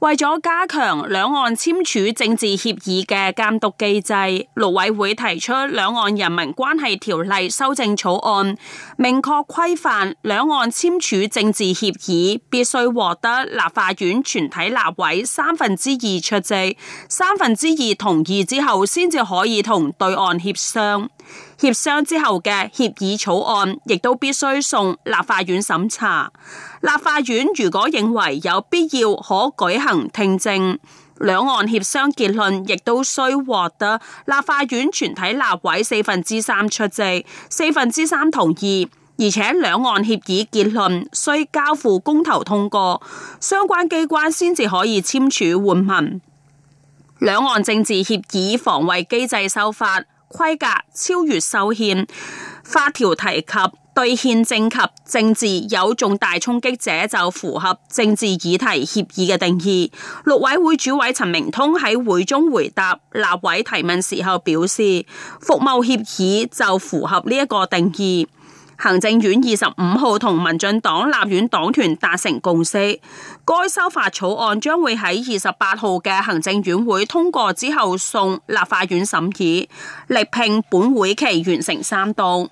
為咗加強兩岸簽署政治協議嘅監督機制，陸委會提出《兩岸人民關係條例》修正草案，明確規範兩岸簽署政治協議必須獲得立法院全體立委三分之二出席、三分之二同意之後，先至可以同對岸協商。協商之後嘅協議草案亦都必須送立法院審查。立法院如果認為有必要，可舉行能聽證，兩岸協商結論亦都需獲得立法院全體立委四分之三出席，四分之三同意，而且兩岸協議結論需交付公投通過，相關機關先至可以簽署換文。兩岸政治協議防衛機制修法規格超越修憲，法條提及，對憲政及政治有重大衝擊者就符合政治議題協議嘅定義。陸委會主委陳明通喺會中回答立委提問時候表示，服務協議就符合呢一個定義。行政院二十五號同民進黨立院黨團達成共識，該修法草案將會喺二十八號嘅行政院會通過之後送立法院審議，力拼本會期完成三讀。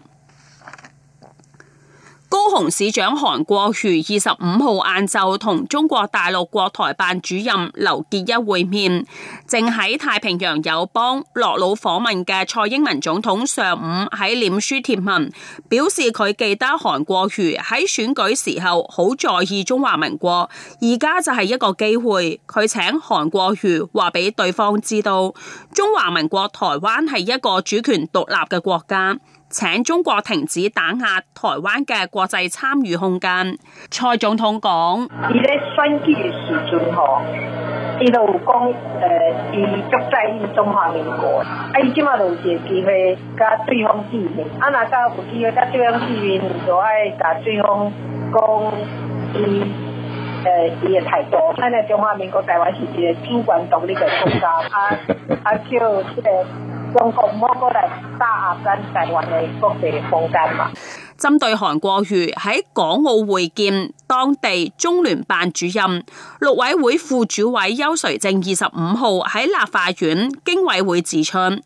高雄市長韓國瑜二十五號晏晝同中國大陸國台辦主任劉結一會面，正喺太平洋友邦諾魯訪問嘅蔡英文總統上午喺臉書貼文，表示佢記得韓國瑜喺選舉時候好在意中華民國，而家就係一個機會，佢請韓國瑜話俾對方知道，中華民國台灣係一個主權獨立嘅國家。請中國停止打壓台灣嘅國際參與空間。蔡總統講。 用個摩哥嚟揸押金，就揾你當地房間啦。針對韓國瑜喺港澳會見當地中聯辦主任、陸委會副主委邱垂正二十五號喺立法院經委會指出，呢、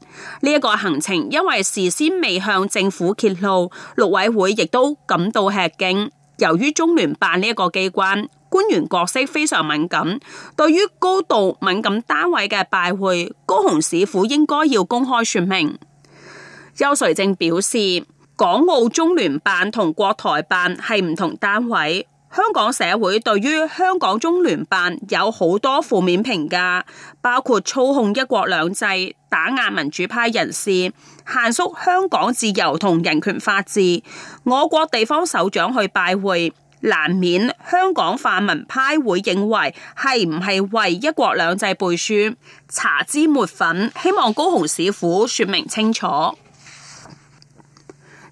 這、一個行程因為事先未向政府揭露，陸委會亦都感到吃驚。由於中聯辦呢一個機關官員角色非常敏感，對於高度敏感單位嘅拜會，高雄市府應該要公開説明。邱垂正表示，港澳中聯辦同國台辦係唔同單位。香港社會對於香港中聯辦有好多負面評價，包括操控一國兩制、打壓民主派人士、限縮香港自由同人權法治。我國地方首長去拜會，難免香港泛民派會認為係唔係為一國兩制背書，搽脂抹粉，希望高雄市府説明清楚。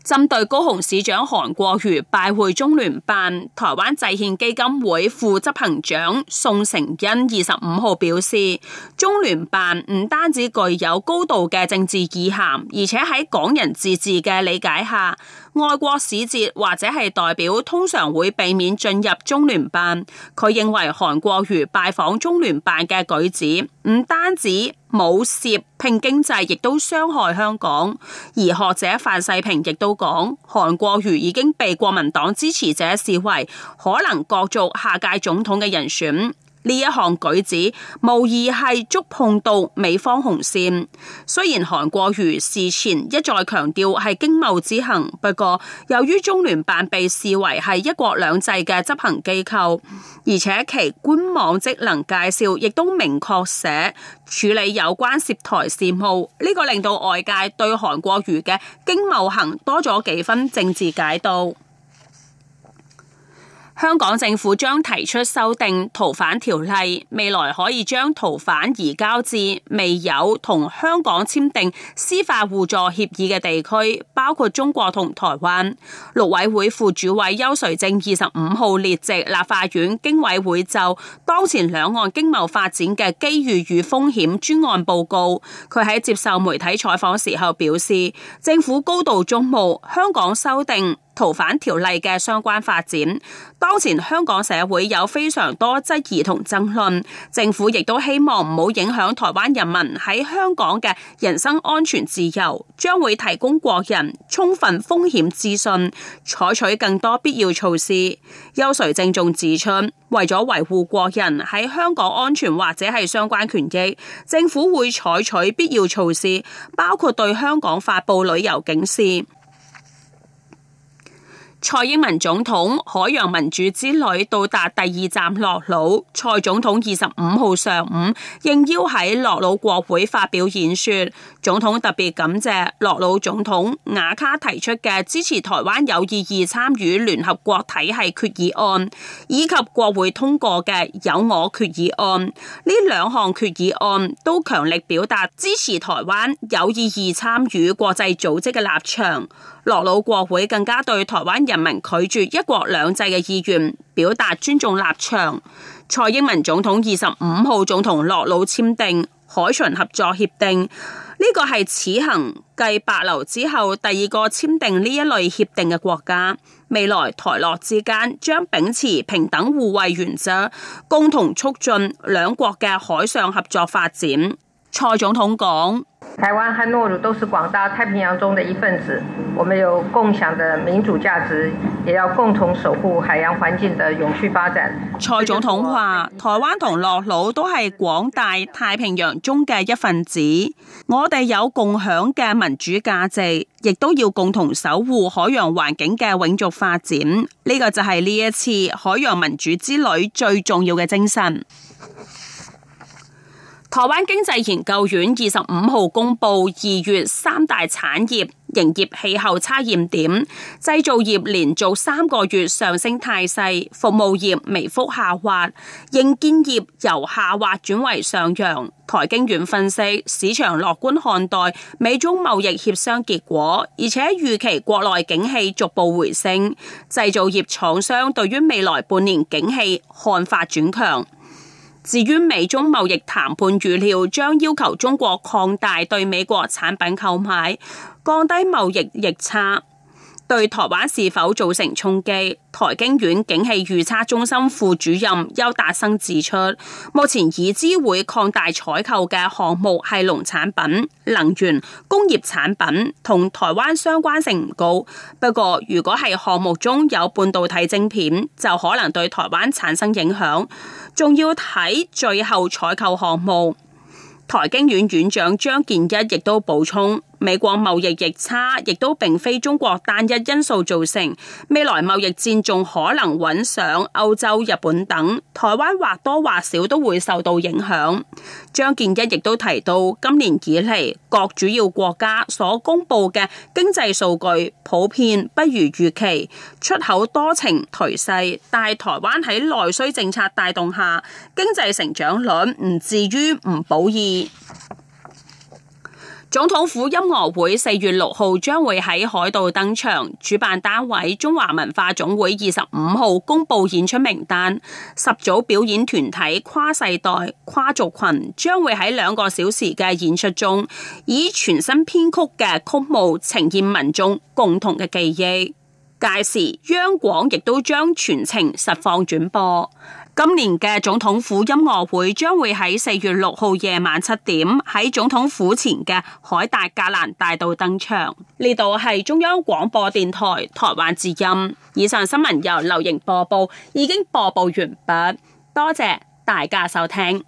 針對高雄市長韓國瑜拜會中聯辦，台灣制憲基金會副執行長宋承恩二十五號表示，中聯辦唔單止具有高度嘅政治意涵，而且喺港人自治嘅理解下。外國使節或者係代表通常會避免進入中聯辦。佢認為韓國瑜拜訪中聯辦嘅舉止唔單止冇涉拼經濟，亦都傷害香港。而學者范世平亦都講，韓國瑜已經被國民黨支持者視為可能角逐下屆總統嘅人選。呢一項舉止，無疑係觸碰到美方紅線。雖然韓國瑜事前一再強調係經貿之行，不過由於中聯辦被視為係一國兩制嘅執行機構，而且其官網職能介紹亦都明確寫處理有關涉台事務，呢個令到外界對韓國瑜嘅經貿行多咗幾分政治解讀。香港政府將提出修訂逃犯條例，未來可以將逃犯移交至未有同香港簽訂司法互助協議嘅地區，包括中國同台灣。陸委會副主委邱垂正二十五號列席立法院經委會就當前兩岸經貿發展嘅機遇與風險專案報告，佢喺接受媒體採訪時候表示，政府高度重視香港修訂逃犯條例嘅相關發展，當前香港社會有非常多質疑同爭論，政府亦都希望唔好影響台灣人民喺香港嘅人身安全自由，將會提供國人充分風險資訊，採取更多必要措施。邱瑞正仲指出，為咗維護國人喺香港安全或者係相關權益，政府會採取必要措施，包括對香港發布旅遊警示。蔡英文總統海洋民主之旅到達第二站諾魯，蔡總統二十五號上午應邀喺諾魯國會發表演說。總統特別感謝諾魯總統瓦卡提出嘅支持台灣有意義參與聯合國體系決議案，以及國會通過嘅有我決議案。呢兩項決議案都強力表達支持台灣有意義參與國際組織嘅立場。諾魯國會更加對台灣人民拒絕一國兩制嘅意願，表達尊重立場。蔡英文總統二十五號仲同諾魯簽訂海巡合作協定，呢、這個係此行繼帛琉之後第二個簽訂呢一類協定嘅國家。未來台諾之間將秉持平等互惠原則，共同促進兩國嘅海上合作發展。蔡總統講。台灣和諾魯都是廣大太平洋中的一份子，我們有共享的民主價值，也要共同守護海洋環境的永續發展。蔡總統話：台灣同諾魯都係廣大太平洋中嘅一份子，我哋有共享嘅民主價值，亦都要共同守護海洋環境嘅永續發展。呢、這個就係呢一次海洋民主之旅最重要嘅精神。台灣經濟研究院二十五號公布二月三大產業營業氣候測驗點，製造業連續三個月上升態勢，服務業微幅下滑，應建業由下滑轉為上揚。台經院分析，市場樂觀看待美中貿易協商結果，而且預期國內景氣逐步回升，製造業廠商對於未來半年景氣看法轉強。至於美中貿易談判預料將要求中國擴大對美國產品購買，降低貿易逆差，對台灣是否造成衝擊？台經院景氣預測中心副主任邱達生指出，目前已知會擴大採購嘅項目係農產品、能源、工業產品，同台灣相關性唔高。不過，如果係項目中有半導體晶片，就可能對台灣產生影響。仲要睇最後採購項目。台經院院長張建一亦都補充。美國貿易逆差亦都並非中國單一因素造成，未來貿易戰仲可能揾上歐洲、日本等，台灣或多或少都會受到影響。張建一亦都提到，今年以嚟各主要國家所公布嘅經濟數據普遍不如預期，出口多呈頹勢，但係台灣喺內需政策帶動下，經濟成長率唔至於唔保二。總統府音樂會四月六號將會喺凱道登場，主辦單位中華文化總會二十五號公布演出名單，十組表演團體跨世代、跨族群，將會喺兩個小時嘅演出中，以全新編曲嘅曲目呈現民眾共同嘅記憶。屆時央廣亦都將全程實況轉播。今年嘅總統府音樂會將會喺四月六號夜晚七點喺總統府前嘅凱達格蘭大道登場。呢度係中央廣播電台台灣之音。以上新聞由劉瑩播報，已經播報完畢，多謝大家收聽。